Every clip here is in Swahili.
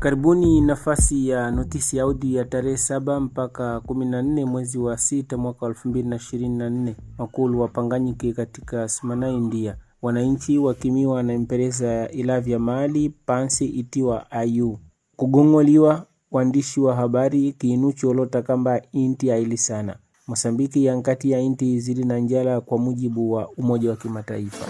Karibuni nafasi ya Notisi ya Audio ya tarehe 7 mpaka 14 mwezi wa 6 mwaka 2024 makulu wapanganyike katika simanaindia wananchi wakimiwa na mpereza ilavya mali pansi itiwa ayu kugong'oliwa wandishi wa habari kiinu cholota kamba inti aili sana Mosambiki ya nkati ya inti zili na njala kwa mujibu wa Umoja wa Kimataifa.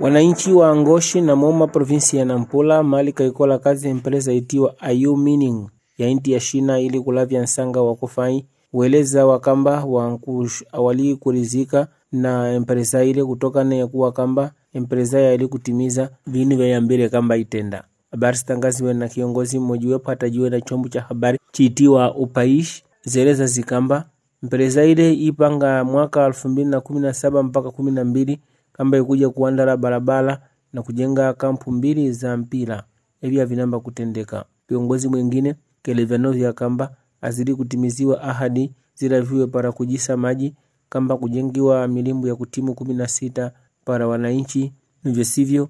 Wananchi wa ngoshi na Moma provinsi ya Nampula mali kaikola kazi empresa itiwa Ayu Mining ya inti ya shina ili kulavya nsanga wa kufai weleza wakamba wankush awali kurizika na empresa ile kutoka na kuwa kamba empresa ya ili kutimiza vinu vya mbele kamba itenda habari zitangaziwe na kiongozi mmoja wepo atajiwe na chombo cha habari chiitiwa Upaish zeleza zikamba mpereza ile ipanga mwaka 2017 kumi na saba mpaka kumi na mbili ambayekuja kuandala barabara na kujenga kampu mbili za mpira ebya vinamba kutendeka viongozi mwengine kelevanovya kamba azidi kutimiziwa ahadi zilaviwe para kujisa maji kamba kujengiwa milimbu ya kutimu kumi na sita para wananchi nivyesivyo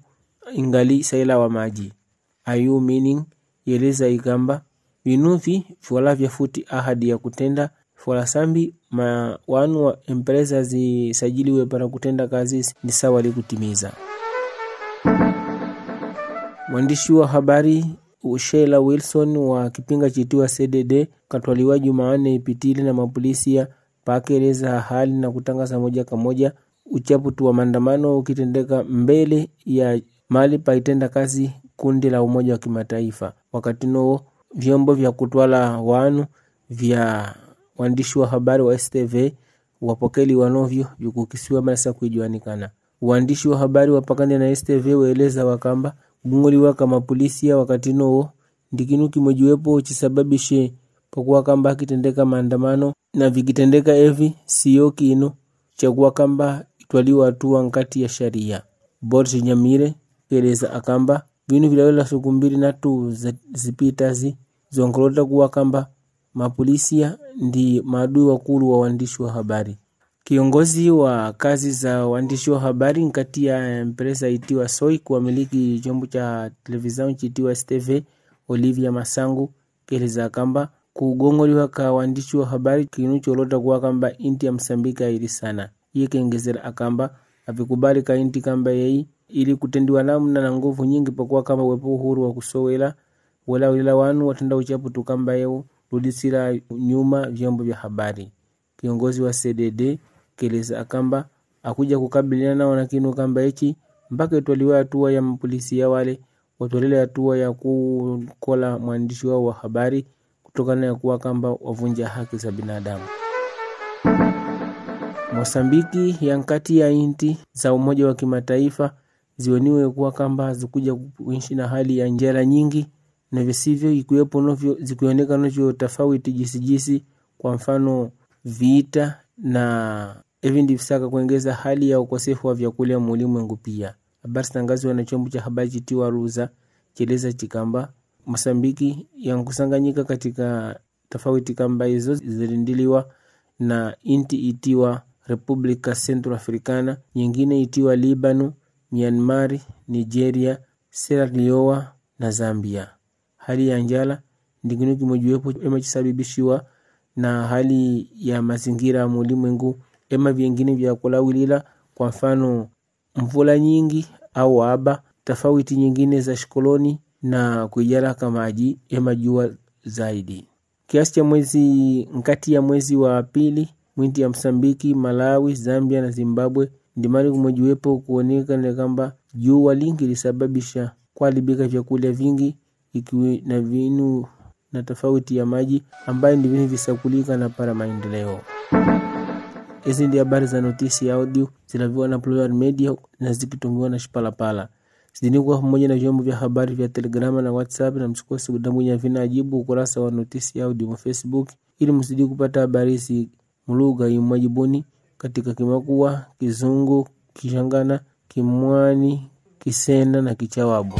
ingali saila wa maji ayu meaning yeleza ikamba vinuvi vyala vyafuti ahadi ya kutenda wanu wa empresa zisajiliwe para kutenda kazi ni sawa likutimiza. Mwandishi wa habari Sheila Wilson wa kipinga chitiwa CDD katwaliwa Jumaane ipitile na mapolisia ya pakeleza hali na kutangaza moja kwa moja uchaputu wa maandamano ukitendeka mbele ya mali paitenda kazi kundi la Umoja wa Kimataifa. Wakati noo vyombo vya kutwala wanu vya waandishi wa habari wa STV wapokeli wanovyo kisiwa marasa kujuanikana. waandishi wa habari wapakane na STV waeleza wakamba gung'uliwa kama polisi ya wakati nowo ndikinu kimojiwepo chisababishe pakuwa kamba kitendeka maandamano na vikitendeka evi siyo kinu chakuwa kamba itwaliwa hatua nkati ya sharia Boris Nyamire peleza akamba vinu vilawela siku mbili na tu zipitazi zonkholota kuwa kamba Mapolisia ndi maadui wakulu wa waandishi wa habari Kiongozi wa kazi za waandishi wa habari nkati ya empresa itiwa Soy kuwamiliki chombo cha televizion chitiwa stv Olivia Masangu keleza kamba kugongoliwa ka waandishi wa habari kinu cholota kuwa kamba inti ya msambika ili sana iye kengezera akamba avikubali ka inti kamba yeyi ili kutendiwa namna na nguvu nyingi pakuwa kamba wepo uhuru wa kusowela wela wila wanu watenda uchapu tu kamba yewu rudisira nyuma vyombo vya habari. Kiongozi wa CDD keleza akamba akuja kukabiliana nao na kinu kamba hichi mpaka itwaliwe hatua ya mapolisi ya wale watwalile hatua ya kukola mwandishi wao wa habari kutokana na kuwa kamba wavunja haki za binadamu. Mosambiki ya nkati ya inti za Umoja wa Kimataifa zioniwe kuwa kamba zikuja kuishi na hali ya njera nyingi na visivyo, ikiwepo novyo zikionekana novyo tofauti jisijisi, kwa mfano vita na hivi ndivyo saka kuongeza hali ya ukosefu wa vyakula mulimwengu pia. Habari zitangazwa na chombo cha habari chitiwa Ruza cheleza chikamba Mosambiki yankusanganyika katika tofauti kamba hizo zilindiliwa na inti itiwa Republika Central Africana, nyingine itiwa Libanu, myanmar Nigeria, Sierra Leone na Zambia hali ya njala ndingine kimojuwepo emachisababishiwa na hali ya mazingira mulimwengu ema vyengine vya kulawilila kwa mfano mvula nyingi au aba tofauti nyingine za shikoloni na kuijalaka maji ema jua zaidi kiasi cha mwezi nkati ya mwezi wa pili mwinti ya Msambiki, Malawi, Zambia na Zimbabwe ndimali kumojuwepo kuonekana kamba jua lingi lisababisha kuharibika vyakula vingi ikiwa na vinu na tofauti ya maji ambayo ni vinu visakulika na para maendeleo. Hizi ndio habari za notisi ya audio zinavyowa na Plural Media na zikitungiwa na Shipalapala zidinikuwa pamoja na vyombo vya habari vya Telegrama na WhatsApp na mchukua msikosi kudambwinya vina ajibu ukurasa wa notisi ya audio wa Facebook ili msidi kupata habari hizi mulugha imwajibuni katika Kimakua, Kizungu, Kishangana, Kimwani, Kisena na Kichawabu.